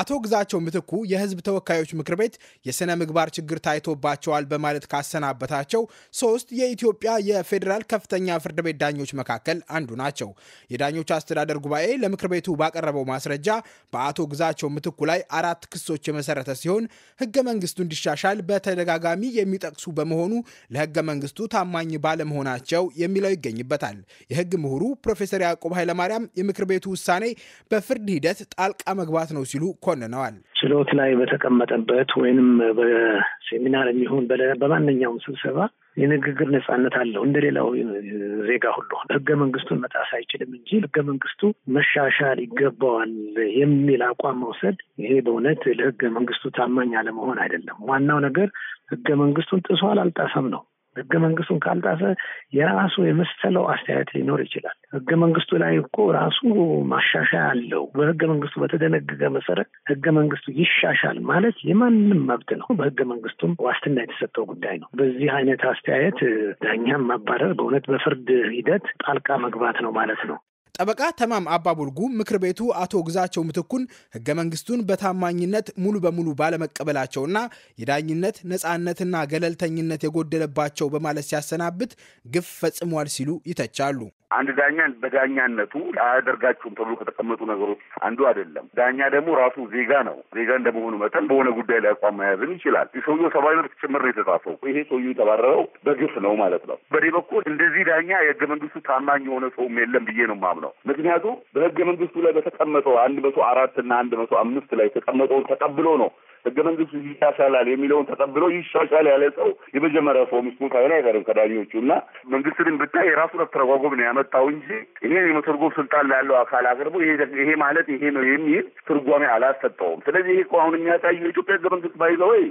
አቶ ግዛቸው ምትኩ የህዝብ ተወካዮች ምክር ቤት የሥነ ምግባር ችግር ታይቶባቸዋል በማለት ካሰናበታቸው ሶስት የኢትዮጵያ የፌዴራል ከፍተኛ ፍርድ ቤት ዳኞች መካከል አንዱ ናቸው። የዳኞች አስተዳደር ጉባኤ ለምክር ቤቱ ባቀረበው ማስረጃ በአቶ ግዛቸው ምትኩ ላይ አራት ክሶች የመሰረተ ሲሆን ህገ መንግስቱ እንዲሻሻል በተደጋጋሚ የሚጠቅሱ በመሆኑ ለህገ መንግስቱ ታማኝ ባለመሆናቸው የሚለው ይገኝበታል። የህግ ምሁሩ ፕሮፌሰር ያዕቆብ ኃይለማርያም የምክር ቤቱ ውሳኔ በፍርድ ሂደት ጣልቃ መግባት ነው ሲሉ ኮንነዋል። ችሎት ላይ በተቀመጠበት ወይንም በሴሚናር የሚሆን በማንኛውም ስብሰባ የንግግር ነጻነት አለው እንደሌላው ዜጋ ሁሉ ህገ መንግስቱን መጣስ አይችልም እንጂ ህገ መንግስቱ መሻሻል ይገባዋል የሚል አቋም መውሰድ ይሄ በእውነት ለህገ መንግስቱ ታማኝ አለመሆን አይደለም። ዋናው ነገር ህገ መንግስቱን ጥሷል አልጣሰም ነው። ህገ መንግስቱን ካልጣሰ የራሱ የመሰለው አስተያየት ሊኖር ይችላል። ህገ መንግስቱ ላይ እኮ ራሱ ማሻሻያ አለው። በህገ መንግስቱ በተደነገገ መሰረት ህገ መንግስቱ ይሻሻል ማለት የማንም መብት ነው። በህገ መንግስቱም ዋስትና የተሰጠው ጉዳይ ነው። በዚህ አይነት አስተያየት ዳኛም ማባረር በእውነት በፍርድ ሂደት ጣልቃ መግባት ነው ማለት ነው። ጠበቃ ተማም አባቡልጉ ምክር ቤቱ አቶ ግዛቸው ምትኩን ህገ መንግስቱን በታማኝነት ሙሉ በሙሉ ባለመቀበላቸውና የዳኝነት ነፃነትና ገለልተኝነት የጎደለባቸው በማለት ሲያሰናብት ግፍ ፈጽሟል ሲሉ ይተቻሉ። አንድ ዳኛ በዳኛነቱ አያደርጋቸውም ተብሎ ከተቀመጡ ነገሮች አንዱ አይደለም። ዳኛ ደግሞ ራሱ ዜጋ ነው። ዜጋ እንደመሆኑ መጠን በሆነ ጉዳይ ላይ አቋም መያዝን ይችላል። የሰውየው ሰብአዊ መብት ጭምር የተጻፈው። ይሄ ሰውየ የተባረረው በግፍ ነው ማለት ነው። በእኔ በኩል እንደዚህ ዳኛ የህገ መንግስቱ ታማኝ የሆነ ሰውም የለም ብዬ ነው የማምነው። ነው። ምክንያቱም በህገ መንግስቱ ላይ በተቀመጠው አንድ መቶ አራት እና አንድ መቶ አምስት ላይ የተቀመጠውን ተቀብሎ ነው ህገ መንግስት ይሻሻላል የሚለውን ተቀብሎ ይሻሻል ያለ ሰው የመጀመሪያ ሰው ምስቱ ሳይሆን አይቀርም ከዳኞቹ እና መንግስትንም ብታይ የራሱን አተረጓጎም ነው ያመጣው እንጂ ይሄ የመተርጎም ስልጣን ላለው አካል አቅርቦ ይሄ ማለት ይሄ ነው የሚል ትርጓሜ አላሰጠውም። ስለዚህ ይሄ እኮ አሁን የሚያሳየው የኢትዮጵያ ህገ መንግስት ባይዘው ወይ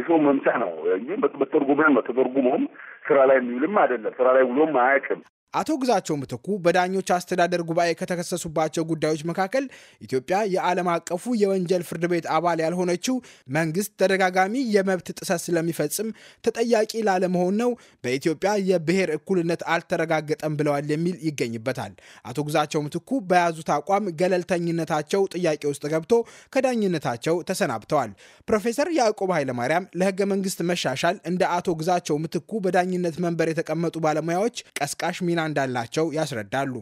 የሰው መምቻ ነው እንጂ መተርጎም መተርጉሞም ስራ ላይ የሚውልም አይደለም፣ ስራ ላይ ውሎም አያውቅም። አቶ ግዛቸው ምትኩ በዳኞች አስተዳደር ጉባኤ ከተከሰሱባቸው ጉዳዮች መካከል ኢትዮጵያ የዓለም አቀፉ የወንጀል ፍርድ ቤት አባል ያልሆነችው መንግስት ተደጋጋሚ የመብት ጥሰት ስለሚፈጽም ተጠያቂ ላለመሆን ነው፣ በኢትዮጵያ የብሔር እኩልነት አልተረጋገጠም ብለዋል የሚል ይገኝበታል። አቶ ግዛቸው ምትኩ በያዙት አቋም ገለልተኝነታቸው ጥያቄ ውስጥ ገብቶ ከዳኝነታቸው ተሰናብተዋል። ፕሮፌሰር ያዕቆብ ኃይለማርያም ለህገ መንግስት መሻሻል እንደ አቶ ግዛቸው ምትኩ በዳኝነት መንበር የተቀመጡ ባለሙያዎች ቀስቃሽ ሚና እንዳላቸው ያስረዳሉ።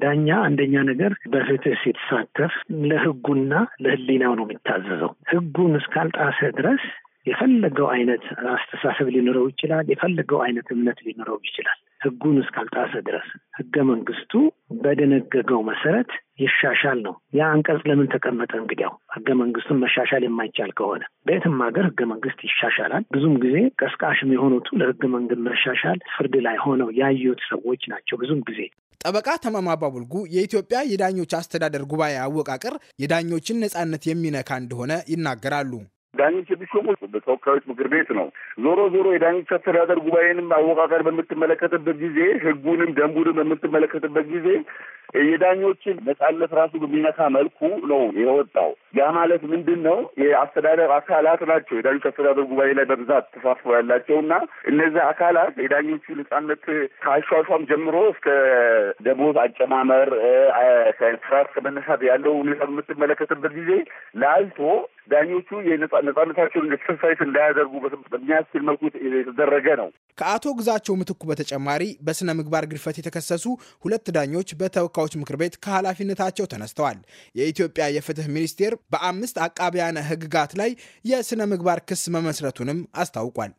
ዳኛ አንደኛ ነገር በፍትህ ሲተሳተፍ ለህጉና ለህሊናው ነው የሚታዘዘው። ህጉን እስካልጣሰ ድረስ የፈለገው አይነት አስተሳሰብ ሊኖረው ይችላል። የፈለገው አይነት እምነት ሊኖረው ይችላል። ህጉን እስካልጣሰ ድረስ ህገ መንግስቱ በደነገገው መሰረት ይሻሻል ነው። ያ አንቀጽ ለምን ተቀመጠ? እንግዲያው ህገ መንግስቱን መሻሻል የማይቻል ከሆነ በየትም ሀገር ህገ መንግስት ይሻሻላል። ብዙም ጊዜ ቀስቃሽም የሆኑቱ ለህገ መንግስት መሻሻል ፍርድ ላይ ሆነው ያዩት ሰዎች ናቸው። ብዙም ጊዜ ጠበቃ ተማማ ባቡልጉ የኢትዮጵያ የዳኞች አስተዳደር ጉባኤ አወቃቀር የዳኞችን ነጻነት የሚነካ እንደሆነ ይናገራሉ። ዳኞች የሚሾሙት በተወካዮች ምክር ቤት ነው። ዞሮ ዞሮ የዳኞች አስተዳደር ጉባኤንም አወቃቀር በምትመለከትበት ጊዜ ህጉንም ደንቡንም በምትመለከትበት ጊዜ የዳኞችን ነጻነት ራሱ በሚነካ መልኩ ነው የወጣው። ያ ማለት ምንድን ነው? የአስተዳደር አካላት ናቸው የዳኞች አስተዳደር ጉባኤ ላይ በብዛት ተሳትፎ ያላቸው እና እነዚህ አካላት የዳኞቹ ነጻነት ከአሿሿም ጀምሮ እስከ ደሞዝ አጨማመር ከስራ እስከ መነሳት ያለው ሁኔታ በምትመለከትበት ጊዜ ላልቶ ዳኞቹ ነጻነታቸውን ኤክሰርሳይዝ እንዳያደርጉ በሚያስችል መልኩ የተደረገ ነው። ከአቶ ግዛቸው ምትኩ በተጨማሪ በስነ ምግባር ግድፈት የተከሰሱ ሁለት ዳኞች በተወካ ተወካዮች ምክር ቤት ከኃላፊነታቸው ተነስተዋል። የኢትዮጵያ የፍትህ ሚኒስቴር በአምስት አቃቢያነ ህግጋት ላይ የሥነ ምግባር ክስ መመስረቱንም አስታውቋል።